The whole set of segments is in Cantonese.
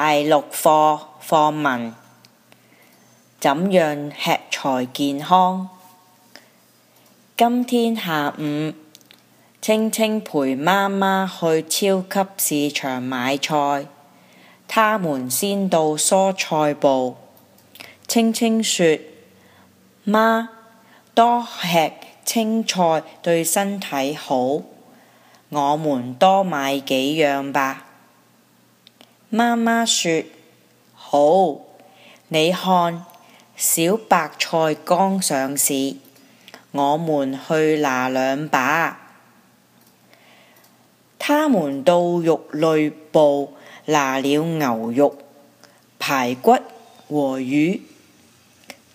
大陸貨課文：怎樣吃才健康？今天下午，青青陪媽媽去超級市場買菜。他們先到蔬菜部。青青說：媽，多吃青菜對身體好。我們多買幾樣吧。媽媽說好，你看小白菜剛上市，我們去拿兩把。他們到肉類部拿了牛肉、排骨和魚。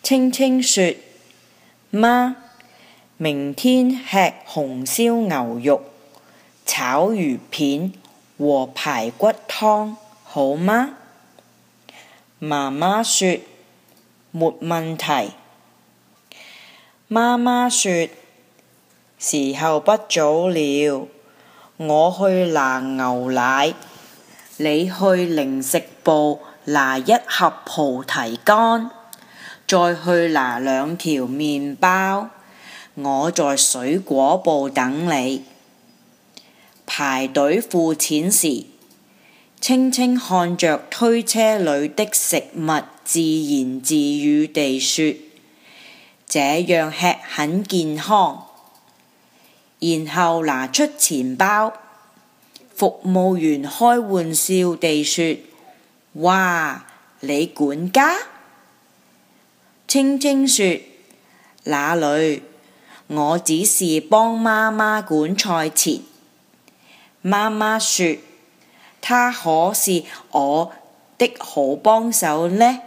青青說，媽，明天吃紅燒牛肉、炒魚片和排骨湯，好嗎？媽媽說沒問題。媽媽說時候不早了，我去拿牛奶，你去零食部拿一盒菩提乾，再去拿兩條麵包。我在水果部等你。排隊付錢時，青青看着推車裏的食物，自言自語地說：這樣吃很健康。然後拿出錢包，服務員開玩笑地說：哇，你管家？青青說：哪裏，我只是幫媽媽管菜錢。媽媽說。他可是我的好幫手呢。